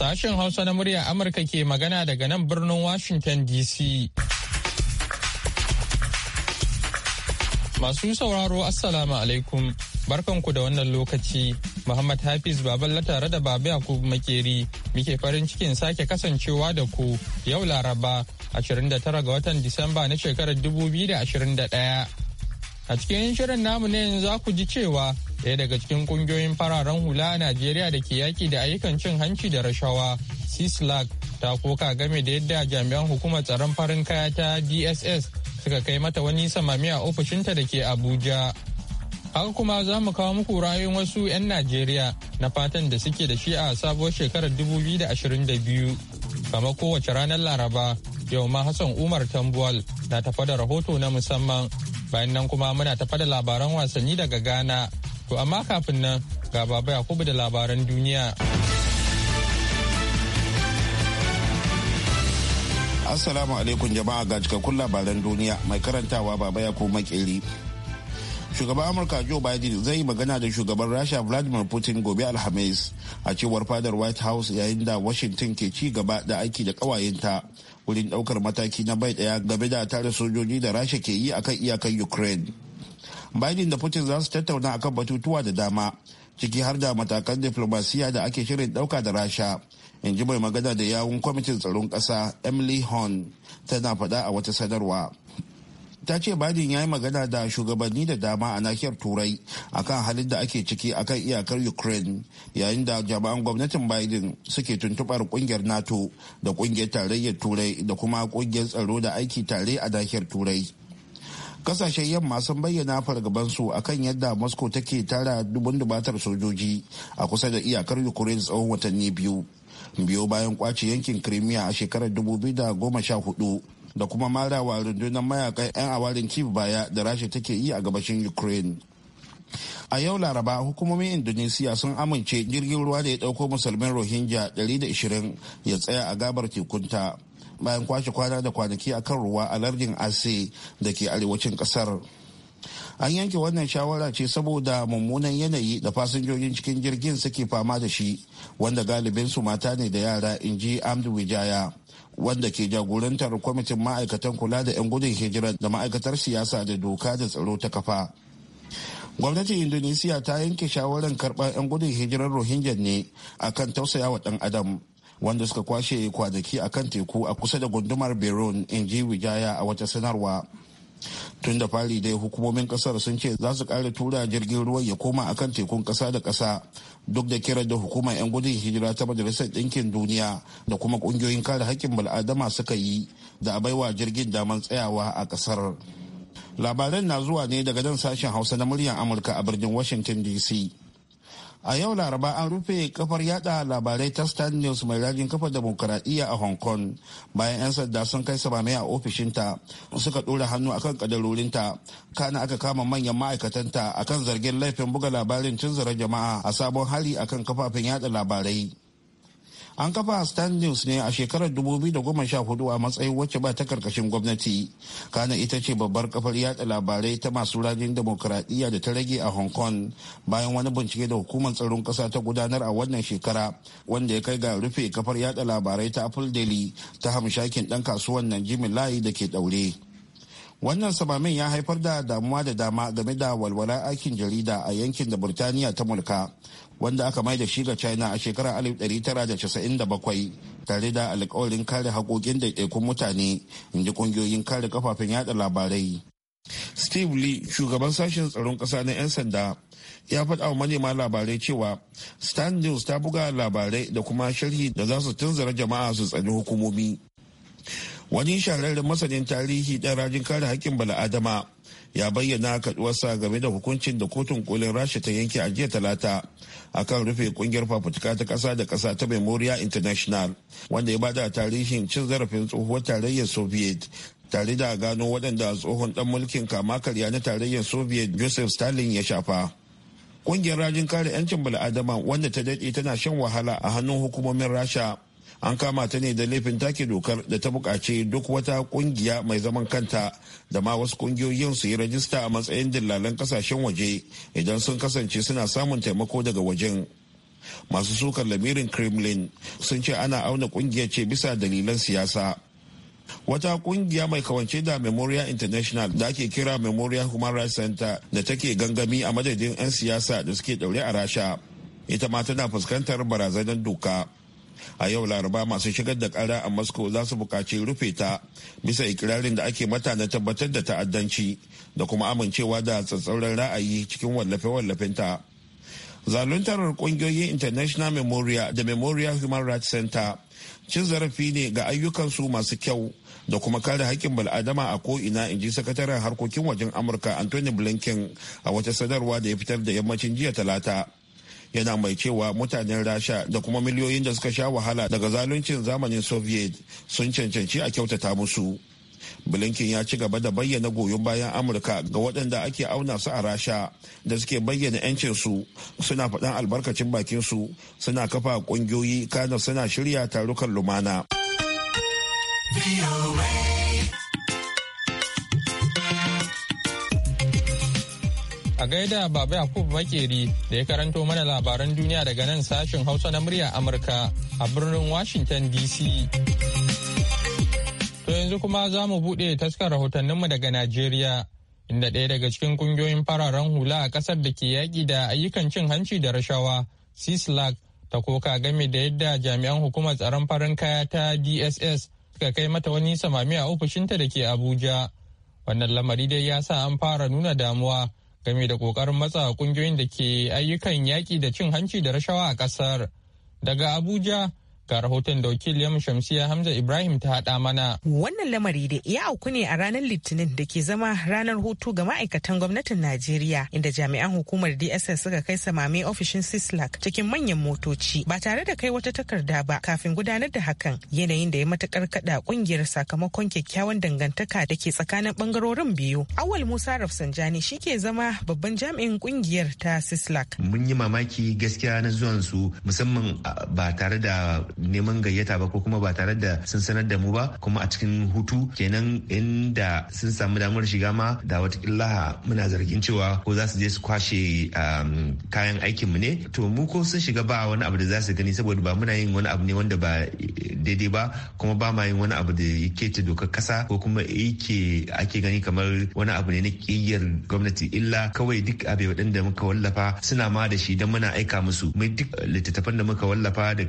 Sashen Hausa na murya Amurka ke magana daga nan birnin Washington DC. Masu sauraro Assalamu alaikum barkanku da wannan lokaci Muhammad Hafiz Baballa tare da Baba Yakubu Makeri muke farin cikin sake kasancewa da ku yau Laraba 29 ga watan Disamba na shekarar 2021. A cikin shirin namu ne za ku ji cewa ɗaya daga cikin ƙungiyoyin fararen hula a najeriya da ke yaƙi da ayyukan cin hanci da rashawa cislac ta koka game da yadda jami'an hukumar tsaron farin kaya ta dss suka kai mata wani samami a ofishinta da ke abuja haka kuma za mu kawo muku rayuwar wasu 'yan najeriya na fatan da suke da shi a sabuwar shekarar dubu da ashirin biyu kama kowace ranar laraba yau ma hassan umar tambuwal na tafa da rahoto na musamman bayan nan kuma muna tafa da labaran wasanni daga ghana To amma kafin nan ga a Yakubu da labaran duniya. Assalamu alaikum jama'a ga cikakkun labaran duniya mai karantawa baba Yakubu makeri. Shugaban Amurka Joe Biden zai yi magana da shugaban Rasha Vladimir Putin gobe Alhamis a cewar fadar White House yayin da Washington ke ci gaba da aiki da kawayenta wurin daukar mataki na bai daya game da tare sojoji da Rasha ke yi akan iyakar Ukraine. biden da putin za su tattauna akan batutuwa da dama ciki har da matakan diflomasiya da ake shirin dauka da rasha in ji mai magana da yawun kwamitin tsaron ƙasa emily horn tana faɗa a wata sadarwa ta ce biden ya yi magana da shugabanni da dama a nahiyar turai akan halin da ake ciki akan iyakar ukraine yayin da jami'an gwamnatin biden suke tuntubar kungiyar nato da kungiyar tarayyar turai da kuma kungiyar tsaro da aiki tare a nahiyar turai kasashen yamma sun bayyana fargabansu akan yadda moscow take tara dubun dubatar sojoji a kusa da iyakar ukraine tsawon watanni biyu biyo bayan kwace yankin crimea a shekarar 2014 da kuma marawa rundunar mayakan 'yan awarin kif baya da rasha take yi a gabashin ukraine a yau laraba hukumomin indonesiya sun amince jirgin ruwa da ya dauko musulmin rohingya 120 ya tsaya a gabar tekunta bayan kwashe kwana da kwanaki akan ruwa a lardin ase da ke arewacin kasar an yanke wannan shawara ce saboda mummunan yanayi da fasinjojin cikin jirgin suke fama da shi wanda galibin su mata ne da yara in ji amdu wijaya wanda ke jagorantar kwamitin ma'aikatan kula da 'yan gudun hijira da ma'aikatar siyasa da doka da tsaro ta kafa gwamnatin indonesiya ta yanke shawarar karɓar 'yan gudun hijirar rohingya ne akan tausayawa ɗan adam wanda suka kwashe kwanaki a kan teku a kusa da gundumar beron in ji wijaya a wata sanarwa tun da fari dai hukumomin kasar sun ce za su kara tura jirgin ruwan ya koma akan tekun kasa da kasa duk da kiran da hukumar 'yan gudun hijira ta majalisar ɗinkin duniya da kuma ƙungiyoyin kare haƙƙin bal'adama suka yi da a baiwa jirgin damar tsayawa a ƙasar labaran na zuwa ne daga nan sashen hausa na muryar amurka a birnin washington dc a yau laraba an rufe kafar yada labarai ta star news mai rajin kafa demokuraɗiyya a hong kong bayan 'yan sanda sun kai samame a ofishinta suka ɗora hannu akan kadarorinta kana aka kama manyan ma'aikatanta akan zargin laifin buga labarin cin zaren jama'a a sabon hari akan kafafen yada labarai an kafa a news ne a shekarar 2014 a matsayin wacce ba ta karkashin gwamnati kana ita ce babbar kafar yada labarai ta masu rajin demokuraɗiyya da ta rage a hong kong bayan wani bincike da hukumar tsaron ƙasa ta gudanar a wannan shekara wanda ya kai ga rufe kafar yada labarai ta apple daily ta hamshakin ɗan kasuwan nan jimmy lai da ke ɗaure wannan samamin ya haifar da damuwa da dama game da walwala aikin jarida a yankin da burtaniya ta mulka wanda aka mai da shi ga china a shekarar 1997 tare da alkawarin kare haƙoƙin ɗaiɗaikun mutane inji ƙungiyoyin kare kafafen yada labarai steve lee shugaban sashen tsaron ƙasa na 'yan sanda ya faɗa wa manema labarai cewa stan news ta buga labarai da kuma sharhi da za su tunzura jama'a su tsani hukumomi wani shahararren masanin tarihi ɗan rajin kare haƙƙin bala'adama ya bayyana kaduwarsa game da hukuncin da kotun kolin rasha ta yanke a jiya talata kan rufe kungiyar fafutuka ta ƙasa da ƙasa ta memorial international wanda ya bada tarihin cin zarafin tsohuwar tarayyar soviet tare da gano waɗanda tsohon ɗan mulkin kama karya na tarayyar soviet joseph stalin ya shafa kungiyar rajin kare 'yancin bala'adama wanda ta daɗe tana shan wahala a hannun hukumomin rasha an kama ta ne da laifin take dokar da ta bukaci duk wata kungiya mai zaman kanta da ma wasu kungiyoyin su yi rajista a matsayin dillalan kasashen waje idan sun kasance suna samun taimako daga wajen masu sukar lamirin kremlin sun ce ana auna kungiyar ce bisa dalilan siyasa wata kungiya mai kawance da memorial international da ake kira memorial human rights center da take gangami a madadin 'yan siyasa da suke daure a rasha ita ma tana fuskantar barazanar doka a yau laraba masu shigar da kara a moscow za su bukaci rufe ta bisa ikirarin da ake mata na tabbatar da ta'addanci da kuma amincewa da tsatsauran ra'ayi cikin wallafe ta zaluntarar kungiyoyin international memorial da memorial human rights center cin zarafi ne ga ayyukansu masu kyau da kuma kare haƙƙin bal'adama a ko'ina in ji sakataren harkokin wajen amurka anthony blinken a wata sadarwa da ya fitar da yammacin jiya talata yana mai cewa mutanen rasha da kuma miliyoyin da suka sha wahala daga zaluncin zamanin soviet sun cancanci a kyautata musu blinken ya ci gaba da bayyana goyon bayan amurka ga waɗanda ake auna su a rasha da suke bayyana 'yancin su suna faɗan albarkacin bakin su suna kafa ƙungiyoyi kana suna shirya tarukan lumana. a gaida Baba Yakub Makeri da ya karanto mana labaran duniya daga nan sashen Hausa na murya Amurka a birnin Washington DC. To yanzu kuma za mu buɗe taskar rahotanninmu daga Najeriya, inda ɗaya daga cikin ƙungiyoyin fararen hula a ƙasar da ke yaƙi da ayyukan cin hanci da rashawa, CISLAC, ta koka game da yadda jami'an hukumar tsaron farin kaya ta DSS suka kai mata wani samami a ofishinta da ke Abuja. Wannan lamari dai ya sa an fara nuna damuwa game da ƙoƙarin matsa ƙungiyoyin da ke ayyukan yaƙi da cin hanci da rashawa a ƙasar. Daga Abuja, Ga rahoton da wakiliyar Shamsiya Hamza Ibrahim ta haɗa mana. Wannan lamari da ya auku ne a ranar Litinin da ke zama ranar hutu ga ma'aikatan gwamnatin Najeriya inda jami'an hukumar DSS suka kai samame ofishin Sislak cikin manyan motoci ba tare da kai wata takarda ba kafin gudanar da hakan yanayin da ya matakar kada kungiyar sakamakon kyakkyawan dangantaka da ke tsakanin bangarorin biyu. Awal Musa Rafsanjani shi ke zama babban jami'in kungiyar ta Sislak. Mun yi mamaki gaskiya na zuwan su musamman ba tare da neman gayyata ba ko kuma ba tare da sun sanar da mu ba kuma a cikin hutu kenan inda sun samu damar shiga ma da watakila muna zargin cewa ko za su je su kwashe um, kayan aikinmu ne to mu ko sun shiga ba wani abu da za su gani saboda ba muna yin wani abu ne wanda ba eh, daidai ba kuma ba ma yin wani abu da yake ta dokar kasa ko kuma yake ake gani kamar wani abu ne na kiyyar gwamnati illa kawai duk abe waɗanda muka wallafa suna ma da shi don muna aika musu mai duk eh, littattafan da muka wallafa da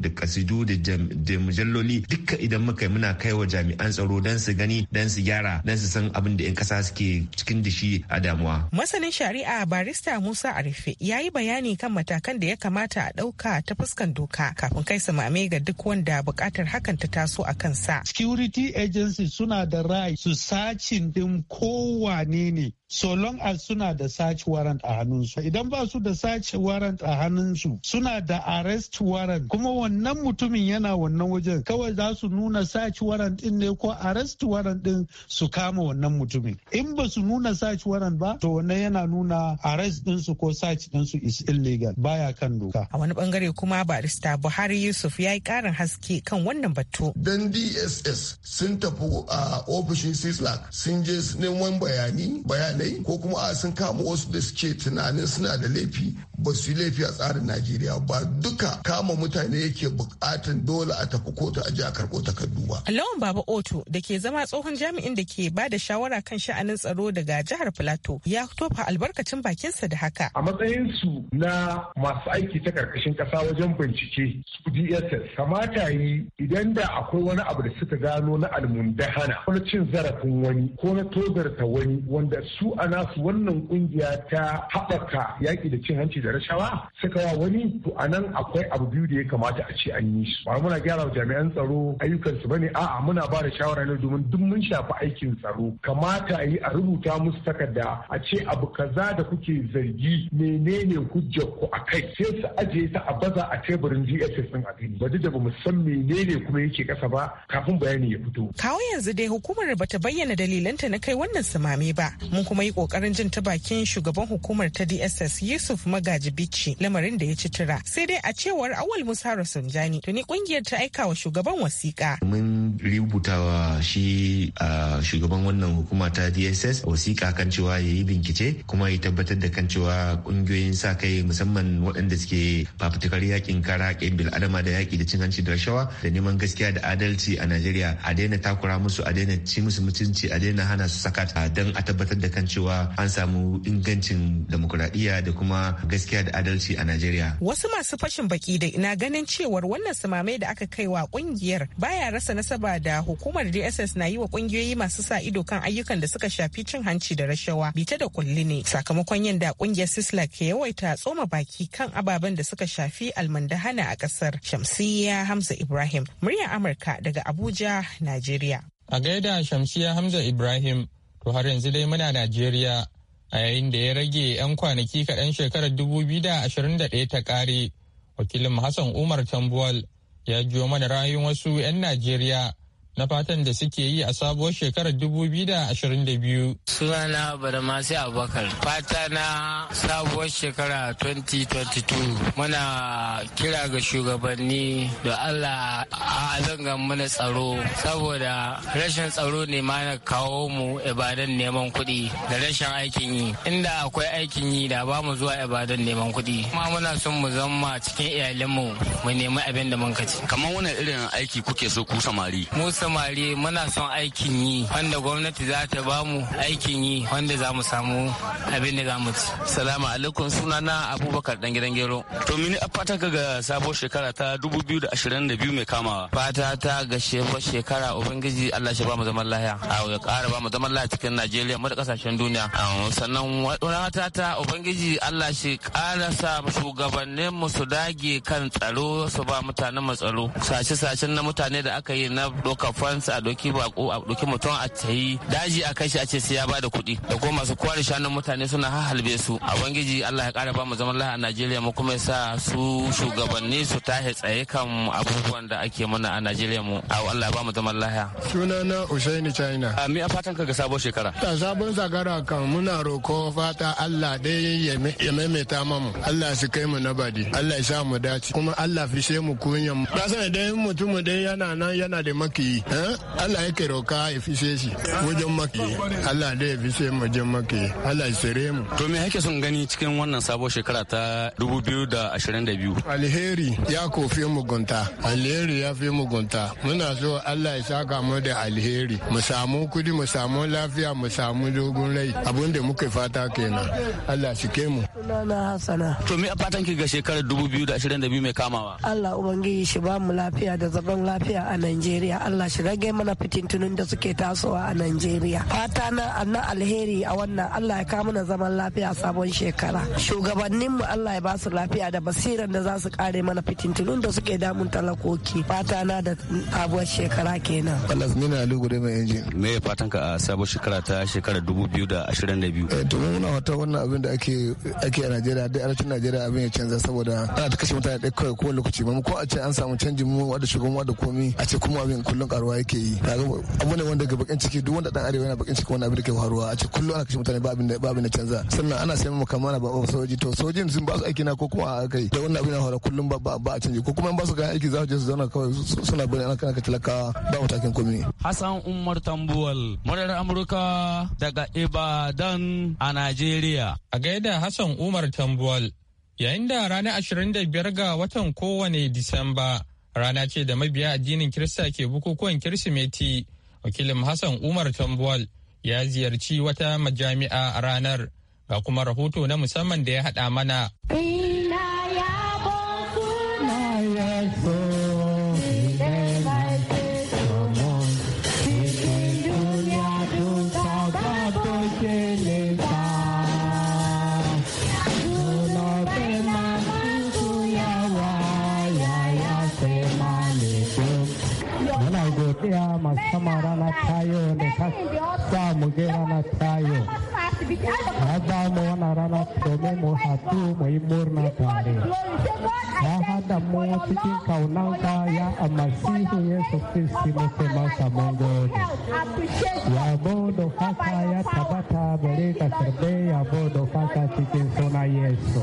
da kasidu da mujalloli duka idan muka yi muna kai wa jami'an tsaro don su gani don su gyara don su san abin da 'yan kasa suke cikin dashi a damuwa. Masanin shari'a barista Musa Arife ya yi bayani kan matakan da ya kamata a ɗauka ta fuskan doka kafin kai samame ga duk wanda buƙatar hakan ta taso a kansa. Security agencies suna da ra'ayi su sacin din kowane ne so long as suna da search warrant a hannunsu. Idan ba su da search warrant a hannunsu suna da arrest warrant kuma kuma wannan mutumin yana wannan wajen kawai za su nuna search warrant din ne ko arrest warrant din su kama wannan mutumin in ba su nuna search warrant ba to wannan yana nuna arrest din su ko search din su is illegal baya kan doka a wani bangare kuma barista Buhari Yusuf ya yi karin haske kan wannan batu dan DSS sun tafi a ofishin Sislak sun je neman bayani bayanai ko kuma a sun kama wasu da suke tunanin suna da laifi ba su yi laifi a tsarin Najeriya ba duka kama mutane ne yake bukatan dole a tafi kotu a ji a karɓo takardu ba. Lawan Baba Oto da ke zama tsohon jami'in da ke ba da shawara kan sha'anin tsaro daga jihar Filato ya tofa albarkacin bakinsa da haka. A matsayin su na masu aiki ta karkashin kasa wajen bincike su DSS kamata yi idan da akwai wani abu da suka gano na almundahana ko na cin zarafin wani ko na tozarta wani wanda su a nasu wannan kungiya ta haɓaka yaƙi da cin hanci da rashawa suka wa wani to a nan akwai abu biyu da ya kamata kamata a ce an yi su ba muna gyara jami'an tsaro ayyukan su bane a'a muna ba da shawara ne domin duk mun shafi aikin tsaro kamata a yi a rubuta musu takarda a ce abu kaza da kuke zargi menene hujjar ku a kai sai su ajiye ta a baza a teburin DSS din a gani ba da bamu san menene kuma yake kasa ba kafin bayani ya fito kawo yanzu dai hukumar bata bayyana dalilanta na kai wannan samame ba mun kuma yi kokarin jin ta bakin shugaban hukumar ta DSS Yusuf Magaji Bichi lamarin da ya ci tura sai dai a cewar Awal Musa Yaro Sanjani tuni kungiyar ta aika wa shugaban wasiƙa. Mun wa shi a shugaban wannan hukuma ta DSS wasiƙa kan cewa ya yi bincike kuma ya tabbatar da kan cewa kungiyoyin sa kai musamman waɗanda suke fafutukar yakin kara bil adama da yaƙi da cin hanci da rashawa da neman gaskiya da adalci a Najeriya a daina takura musu a daina ci musu mutunci a daina hana su sakata don a tabbatar da kan cewa an samu ingancin demokuraɗiyya da kuma gaskiya da adalci a Najeriya. Wasu masu fashin baki da ina ganin ganin cewar wannan sumamai da aka kai wa kungiyar baya rasa nasaba da hukumar DSS na yi wa kungiyoyi masu sa ido kan ayyukan da suka shafi cin hanci da rashawa bita da kulli ne sakamakon yadda kungiyar Sisla ke yawaita tsoma baki kan ababen da suka shafi almandahana a kasar Shamsiyya Hamza Ibrahim murya Amurka daga Abuja Najeriya a gaida shamsiya Hamza Ibrahim to har yanzu dai muna Najeriya a yayin da ya rage 'yan kwanaki kaɗan shekarar 2021 ta ƙare wakilin hassan umar tambuwal ya jiyo mana ra'ayin wasu 'yan najeriya na fatan da suke yi a sabuwar shekarar 2022. Sunana Badamasi Abubakar. Fata na sabuwar shekara 2022 muna kira ga shugabanni da Allah a zangan mana tsaro saboda rashin tsaro ne ma na kawo mu ibadan neman kuɗi da rashin aikin yi. Inda akwai aikin yi da ba mu zuwa ibadan neman kuɗi. Kuma muna son mu zama cikin iyalinmu mu nemi abin da mun kaci. Kamar wani irin aiki kuke so ku samari? Musa samari muna son aikin yi wanda gwamnati za ta ba mu aikin yi wanda za mu samu abin da za mu ci. Salamu alaikum sunana Abubakar dan gidan gero. To mini a fata ga sabuwar shekara ta 2022 mai kamawa. Fata ta ga sabuwar shekara Ubangiji Allah shi ba mu zaman lahiya. A ya kara ba mu zaman lahiya cikin Najeriya mu da kasashen duniya. Sannan wata ta Ubangiji Allah shi kara sa shugabannin mu su dage kan tsaro su ba mutanen mu tsaro. Sace-sacen na mutane da aka yi na doka. fansa a doki bako a doki mutum a tayi daji a shi a ce sai ya bada kuɗi da kuma masu kware shanun mutane suna halbe su a bangiji Allah ya kara ba mu zaman lafiya a Najeriya mu kuma sa su shugabanni su tahe tsaye kan abubuwan da ake muna a Najeriya mu a Allah ba mu zaman lafiya sunana Usaini China a mi a fatan ka ga sabon shekara ta sabon zagara kan muna roko fata Allah dai ya maimaita mamu Allah su kai mu na badi Allah ya sa mu dace kuma Allah fishe mu kunyan mu sai dai mutum dai yana nan yana da makiyi Eh? Allah ya kai roka ya fishe shi wajen maki Allah da ya fishe mu wajen maki Allah ya sere mu to me yake sun gani cikin wannan sabon shekara ta 2022 alheri ya kofi gunta. alheri ya fi gunta. muna so Allah ya saka mu da alheri mu samu kudi mu samu lafiya mu samu dogon rai abin da muke fata kenan Allah shi ke mu to me a fatan ki ga shekarar 2022 mai kamawa Allah ubangiji shi ba mu lafiya da zaman lafiya a Najeriya Allah shi rage mana fitintunun da suke tasowa a Najeriya. Fata na annan alheri a wannan Allah ya kawo mana zaman lafiya sabon shekara. Shugabannin mu Allah ya ba su lafiya da basiran da za su kare mana fitintunun da suke damun talakoki. Fata na da sabuwar shekara kenan. Allah lugu da mai injin. Me ya fatan ka a sabon shekara ta shekara 2022? Eh, to mun muna wata wannan abin da ake ake a Najeriya da arewacin Najeriya abin ya canza saboda ana ta kashe mutane ɗaya kawai ko lokaci ba ko a ce an samu canjin mu wadda shugaban wadda komi a ce kuma abin kullum ƙaruwa. faruwa yake yi kaga abu ne wanda ga bakin ciki duk wanda dan arewa yana bakin ciki wani abin da ke faruwa a ce kullum ana kashe mutane ba abin da ba abin da canza sannan ana sai mu ana ba sojoji to sojin sun ba su aiki na ko kuma a kai da wannan abin na faruwa kullum ba ba a canji ko kuma ba su ga aiki za su je su zauna kawai suna bane ana kana talakawa ba matakin komai Hassan Umar Tambuwal murar Amurka daga Ibadan a Najeriya a gaida Hassan Umar Tambuwal yayin da ranar 25 ga watan kowane Disamba Rana ce da mabiya addinin Kirista ke bukukuwan Kirsimeti, wakilin Hassan Umar Tambuwal ya ziyarci wata majami'a a ranar, ga kuma rahoto na musamman da ya haɗa mana. I am not tired. I am not tired. asibiti ya mu wannan rana domin mu haɗu mu yi murna tare ya haɗa mu cikin kaunanka ya almasihu yesu kristi muke masa mun gode yabo da ya tabbata gare ka karbe yabo da cikin suna yesu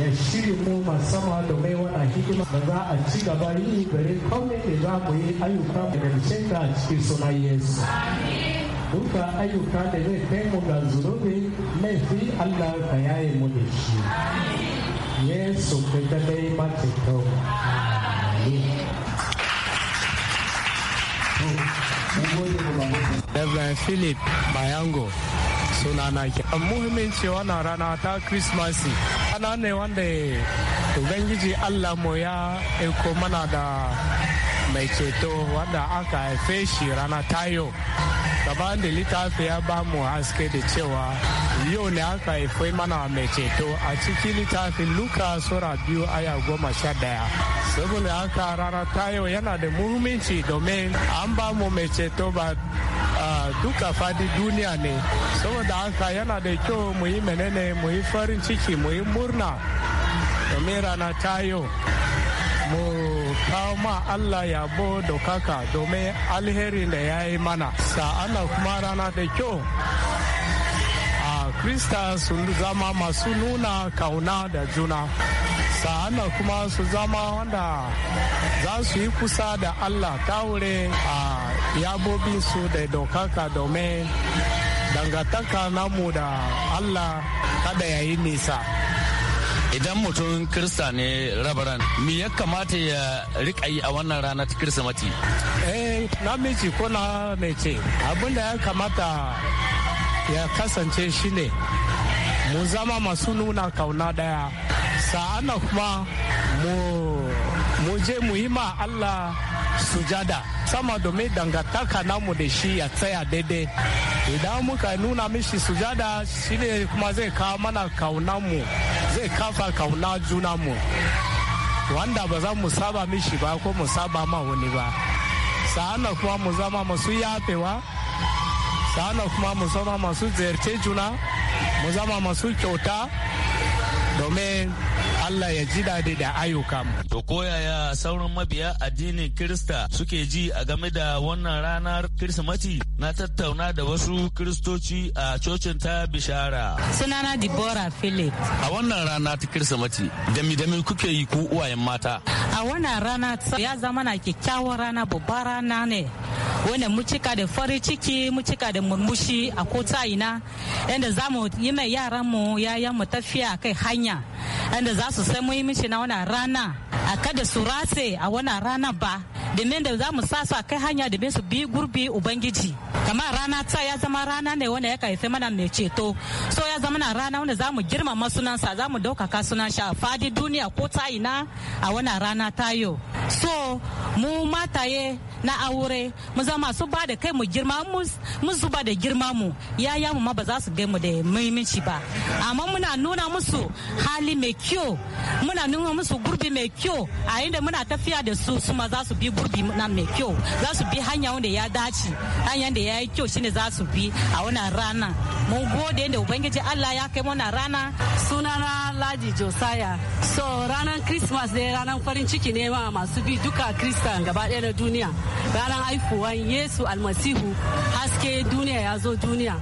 ya shiri mu musamman domin wannan hikima da za a ci gaba yi kome da za mu yi ayyuka da cikin suna yesu duka ayyuka da zai kai mu ga zunubi laifi Allah ka yaye mu da shi Yesu ka ba ta kyau Reverend Philip Bayango na ke. Muhimmanci wannan rana ta Krismasi. Ana ne wanda Ubangiji Allah mu ya aiko mana da mai ceto wanda aka haife shi rana yau. gaban da littafi ya ba mu haske da cewa yau ne aka haifai mana mai ceto a cikin littafin luka sura biyu aya goma sha daya saboda haka rana tayo yana da muhimmanci domin an ba mu mai ceto ba duka fadi duniya ne saboda haka yana da kyau mu yi menene mu yi farin ciki mu yi murna domin rana tayo mu kawo ma Allah yabo da kaka domin alherin da ya yi mana sa'ana kuma rana da kyau a krista sun zama masu nuna kauna da juna sa'ana kuma su zama wanda za su yi kusa da Allah ta wuri a yabobinsu da dokaka domin dangantaka namu da Allah kada ya yi nisa. idan mutum kirista ne rabaran me ya kamata ya rika yi a wannan rana ta kirsimati eh namiji ko na mace abin da ya kamata ya kasance shine mu zama masu nuna kauna daya sa'ana kuma mu je mu yi ma Allah sujada sama domin dangantaka namu da shi ya tsaya daidai idan muka nuna mishi sujada shine kuma zai kawo mana kaunanmu zai kafa kauna junanmu wanda ba za mu saba mishi ba ko mu saba ma wani ba sa'ana kuma mu zama masu yafewa sa'ana kuma mu zama masu ziyarce juna mu zama masu kyauta domin Allah ya ji daɗi da ayyuka. To koyaya sauran mabiya addinin Kirista suke ji a game da wannan ranar Kirsimati? na tattauna da wasu kiristoci a cocin ta bishara. Sunana Deborah Philip. A wannan rana ta kirsimati dami-dami kuke yi ku uwayen mata. A wannan rana ya zama na kyakkyawar rana babbar rana ne. Wanda mu da farin ciki, mucika da murmushi a kota ina, inda za mu yi mai yaran mu yayan mu tafiya kai hanya, inda za su yi muhimmanci na wannan rana. kada su ratse a wannan rana ba domin da za mu sa su a kai hanya domin su bi gurbi ubangiji kamar rana ta ya zama rana ne wanda ya kaife mana mai ceto so ya zama na rana wanda za mu girmama sunansa za mu ɗaukaka sunansa a fadi duniya ko ta ina a wannan rana ta tayo so mu mataye na aure mu zama su ba da kai mu girma mu zuba da girma mu yaya mu ma ba za su gai mu da muhimmanci ba amma muna nuna musu hali mai kyau muna nuna musu gurbi mai kyau a inda muna tafiya da su su ma za su bi gurbi na mai kyau za su bi hanya wanda ya dace hanya da ya yi kyau shine za su bi a wannan rana mun gode da ubangiji Allah ya kai mana rana sunana Ladi Josaya so ranar Christmas ne ranar farin ciki ne ma masu bi duka Christian gaba ɗaya na duniya ranar haifuwan yesu almasihu haske duniya ya zo duniya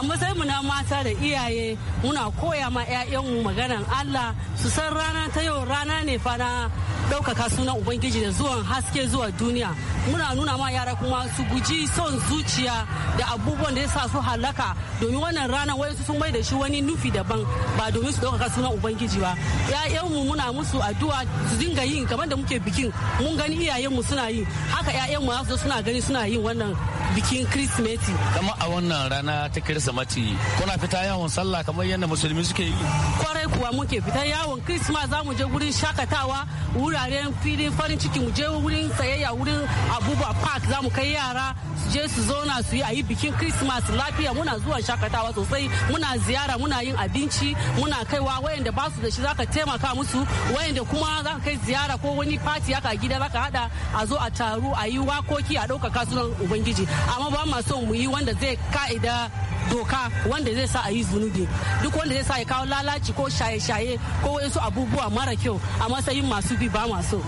a mu na mata da iyaye muna koya ma 'ya'yanmu maganan allah su san rana ta yau rana ne fa na ɗaukaka sunan ubangiji da zuwan haske zuwa duniya muna nuna ma yara kuma su guji son zuciya da abubuwan da ya sa su halaka domin wannan rana su sun mai da shi wani nufi daban ba domin su ɗaukaka sunan ubangiji ba 'ya'yanmu muna musu addu'a su dinga yin kamar da muke bikin mun gani iyayenmu suna yi haka yayan mu su suna gani suna yin wannan bikin kirsimeti kama a wannan rana ta kirsimeti kuna fita yawon sallah kamar yadda musulmi suke yi kwarai kuwa muke fita yawon kirisma za mu je wurin shakatawa wuraren filin farin ciki mu je wurin sayayya wurin abubuwa park za mu kai yara su je su zauna su yi a yi bikin kirismas lafiya muna zuwa shakatawa sosai muna ziyara muna yin abinci muna kaiwa wayanda ba su da shi zaka taimaka musu wayanda kuma zaka kai ziyara ko wani fati haka gida zaka hada a zo a taru a yi yi wakoki a ɗaukaka sunan ubangiji amma ba ma son mu yi wanda zai ka'ida doka wanda zai sa a yi zunubi duk wanda zai sa ya kawo lalaci ko shaye-shaye ko wasu abubuwa mara kyau a matsayin masu bi ba masu.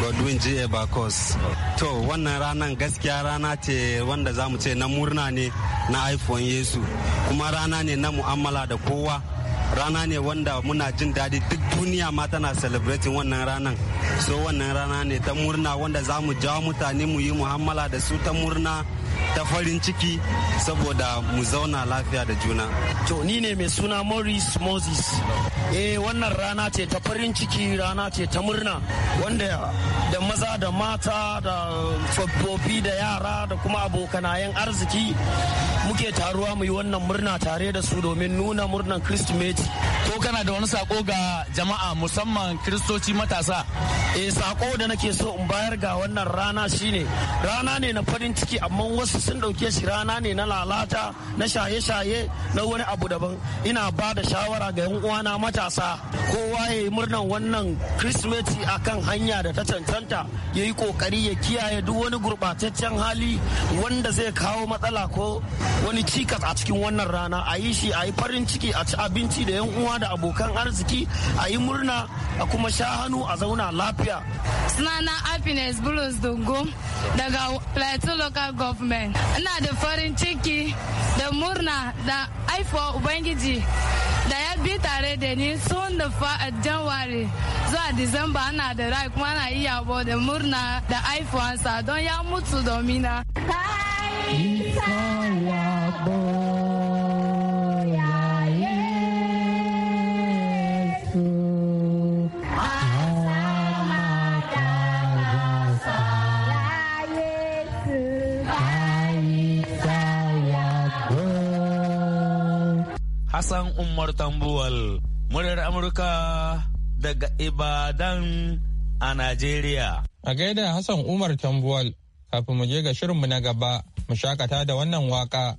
Godwin G. Bakos. To wannan ranar gaskiya rana ce wanda za mu ce na murna ne na haifuwan Yesu kuma rana ne na mu'amala da kowa rana ne wanda muna jin daɗi duk duniya ma tana celebrating wannan ranan so wannan rana ne ta murna wanda za mu jawo mutane mu yi muhammala da su ta murna ta farin ciki saboda mu zauna lafiya da juna to ni ne mai suna morris moses eh wannan rana ce ta farin ciki rana ce ta murna wanda da maza da mata da tsofaffi da yara da kuma abokanayen arziki muke taruwa mu yi wannan murna tare da su domin nuna murnan kirsimeti ko kana da wani sako ga jama'a musamman kiristoci matasa eh sako da nake so in bayar ga wannan rana shine rana ne na farin ciki amma wasu sun ɗauke shi rana ne na lalata na shaye-shaye na wani abu daban ina ba da shawara ga yan uwana matasa kowa ya yi murnan wannan kirismeti kan hanya da ta cancanta ya yi kokari ya kiyaye duk wani gurbataccen hali wanda zai kawo matsala ko wani cikas a cikin wannan rana a yi shi a yi farin ciki a ci abinci da da yan uwa da abokan arziki a yi murna a kuma sha hannu a zauna lafiya sunana happiness bulus dungu daga plateau local government ina da farin ciki da murna da haifuwa ubangiji da ya bi tare da ni sun da a janware zuwa disamba ana da rai kuma ana iya da murna da haifuwansa don ya mutu domina. Kai, Hassan Umar Tambuwal, muryar Amurka daga Ibadan a Najeriya. A gaida Hassan Umar Tambuwal, kafin mu je ga shirinmu na gaba, mu shakata da wannan waka.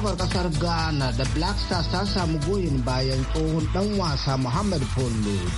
asabar kasar ghana da black stars ta samu goyin bayan tsohon dan wasa muhammad polo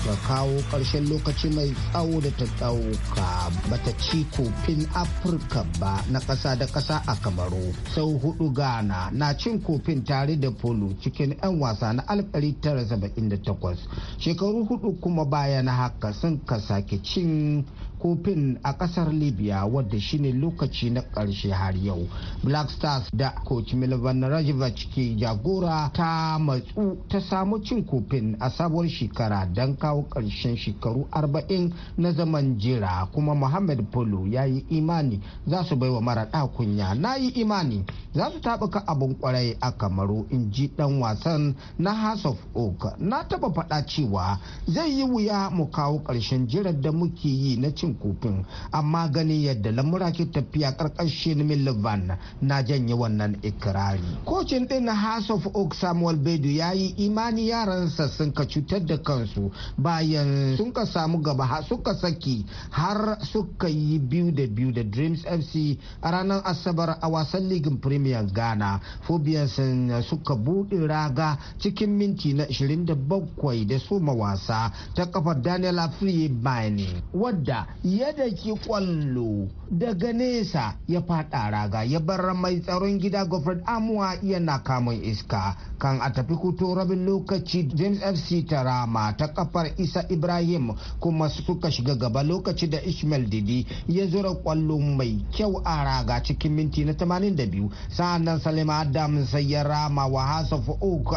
da kawo karshen lokaci mai tsawo da ta dauka bata ci kofin afirka ba na kasa da kasa a kamaru sau hudu ghana na cin kofin tare da polo cikin 'yan wasa na 1978 shekaru hudu kuma bayan haka sun ka sake cin kofin a kasar libya wadda shine lokaci na karshe har yau black stars da coach milvan rajivac ke jagora ta matsu ta samu cin kofin a sabuwar shekara don kawo karshen shekaru 40 na zaman jira kuma muhammad polo ya yi imani za su baiwa mara kunya na yi imani za su taɓuka abin kwarai a kamaru in ji dan wasan na house of oak na taba faɗa cewa zai yi wuya mu kawo ƙarshen jirar da muke yi na cin kofin amma ganin yadda lamura ke tafiya karkashin milivan na janye wannan ikirari. Kocin ɗin House of Oak Samuel Bedu ya yi imani yaransa sun ka cutar da kansu bayan sun ka samu gaba suka saki har suka yi biyu da biyu da Dreams FC a ranar Asabar a wasan ligin Premier Ghana. Phobians suka buɗe raga cikin minti na 27 da soma wasa ta kafar Daniel Afriye bayani wadda ya daki kwallo daga nesa ya fada raga ya bar mai tsaron gida Godfred Amuwa yana kamun iska kan a tafi kuto rabin lokaci James FC ta rama ta kafar Isa Ibrahim kuma suka shiga gaba lokaci da ishmael Didi ya zura kwallo mai kyau a raga cikin minti na 82 sa'annan Salima Adam sai ya rama wa House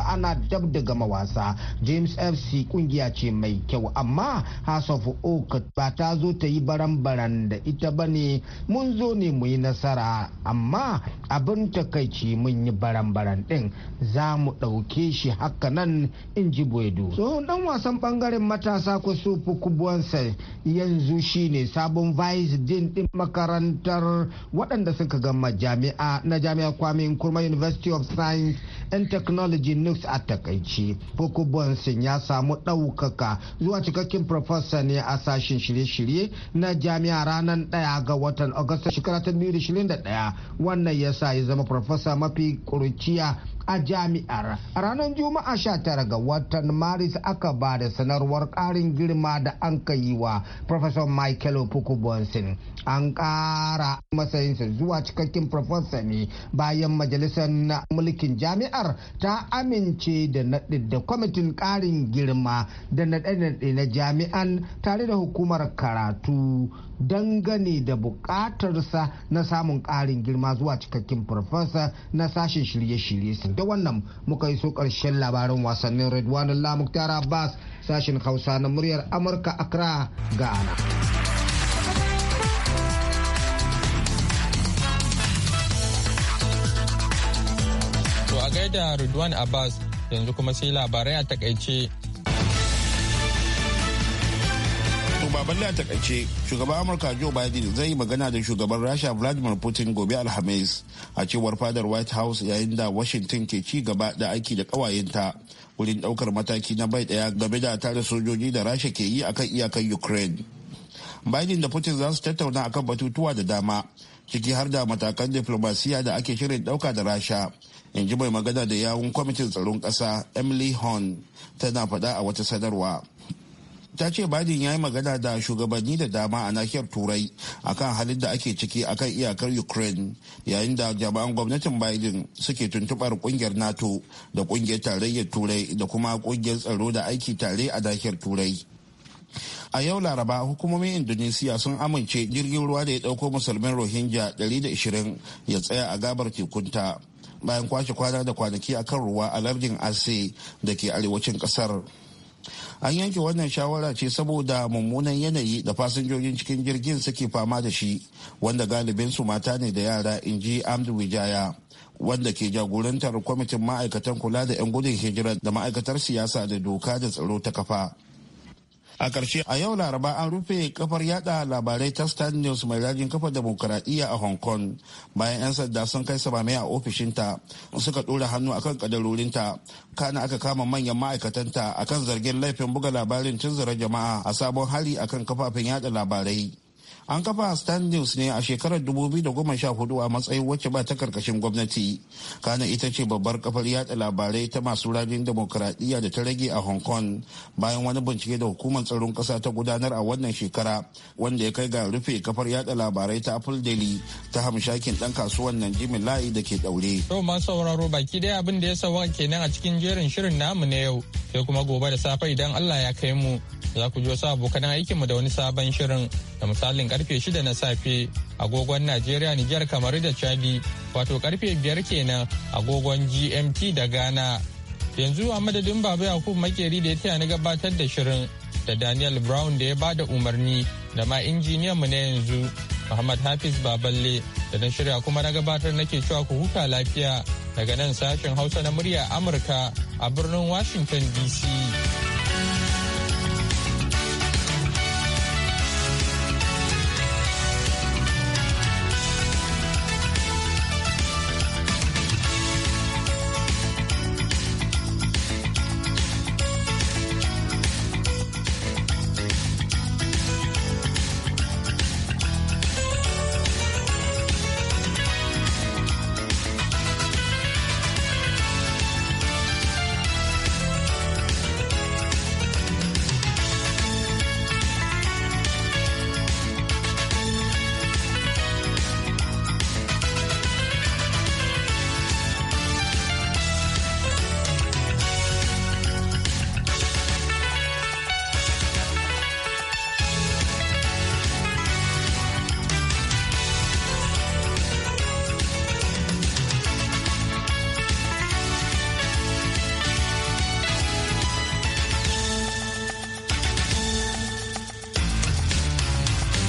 ana dab daga mawasa James FC kungiya ce mai kyau amma hasaf of Oak ba ta zo ta yi baran-baran da ita bane mun zo ne mu yi nasara amma abin takaici mun yi baran-baran ɗin za mu ɗauke shi haka nan in ji Boedo. So ɗan wasan ɓangaren matasa Kusufu Kubuwansa yanzu shi ne sabon vice din ɗin makarantar waɗanda suka gama jami'a na jami'a Kwame Nkrumah University of Science and Technology NUCS a takaici. Kubuwansa ya samu ɗaukaka zuwa cikakken professor ne a sashen shirye-shirye na jami'a ranar ɗaya ga wata watan agusta shekara ta 2021 wannan ya sa ya zama farfasa mafi kuruciya a jami'ar ranar juma'a sha 19 ga watan maris aka ba da sanarwar ƙarin girma da an ka yi wa professor michael pukubonsin an ƙara sa zuwa cikakken professor ne bayan majalisar mulkin jami'ar ta amince da naɗe da kwamitin ƙarin girma da naɗe-naɗe na jami'an tare da hukumar karatu dangane da buƙatarsa na samun ƙarin girma zuwa cikakken farfasa na sashen shirye-shirye da wannan muka yi so karshen labarin wasannin Redwanul tara Abbas sashin Hausa na muryar Amurka Accra Ghana. To a gaida Redwan Abbas yanzu kuma sai labarai a takaice baballe a takaice shugaban amurka joe biden zai yi magana da shugaban rasha vladimir putin gobe alhamis a cewar fadar white house yayin da washington ke ci gaba da aiki da kawayenta wurin daukar mataki na bai ɗaya game da tare sojoji da rasha ke yi akan iyakan ukraine biden da putin za su tattauna akan batutuwa da dama ciki har da matakan diplomasiya da ake shirin dauka da rasha in ji mai magana da yawun kwamitin tsaron kasa emily horn tana faɗa a wata sanarwa ta ce biden ya yi magana da shugabanni da dama a nahiyar turai akan halin da ake ciki akan iyakar ukraine yayin da jami'an gwamnatin biden suke tuntubar kungiyar nato da kungiyar tarayyar turai da kuma kungiyar tsaro da aiki tare a nahiyar turai a yau laraba hukumomin indonesiya sun amince jirgin ruwa da ya dauko musulmin rohingya 120 ya tsaya a gabar tekunta bayan kwashe kwana da kwanaki akan ruwa a lardin ase da ke arewacin kasar an yanke wannan shawara ce saboda mummunan yanayi da fasinjojin cikin jirgin suke fama da shi wanda galibinsu mata ne da yara in ji amdu wijaya wanda ke jagorantar kwamitin ma'aikatan kula da 'yan gudun hijira da ma'aikatar siyasa da doka da tsaro ta kafa a ƙarshe a yau laraba an rufe kafar yada labarai ta star news mai rajin kafa demokuraɗiyya a hong kong bayan 'yan sanda sun kai samame a ofishinta suka ɗora hannu akan kadarorinta kana aka kama manyan ma'aikatanta akan zargin laifin buga labarin tunzura jama'a a sabon hari akan kafafen yada labarai an kafa stan news ne a shekarar 2014 a matsayin wacce ba ta karkashin gwamnati kana ita ce babbar kafar yada labarai ta masu rajin demokuraɗiyya da ta rage a hong kong bayan wani bincike da hukumar tsaron ƙasa ta gudanar a wannan shekara wanda ya kai ga rufe kafar yada labarai ta apple daily ta hamshakin dan kasuwan nan jimin layi da ke daure. yau ma sauraro baki ɗaya abin da ya sawa kenan a cikin jerin shirin namu na yau sai kuma gobe da safe idan allah ya kai mu za ku ji wasu abokan aikinmu da wani sabon shirin da misalin karfe 6 na safe agogon Najeriya Nijar kamar da Chadi wato karfe 5 kenan agogon GMT da Ghana. Yanzu a madadin Baba Yakubu Makeri da ya taya ni gabatar da shirin da Daniel Brown da ya bada umarni da ma injiniyan mu na yanzu Muhammad Hafiz Baballe da na shirya kuma na gabatar nake cewa ku huta lafiya daga nan sashen Hausa na murya Amurka a birnin Washington DC.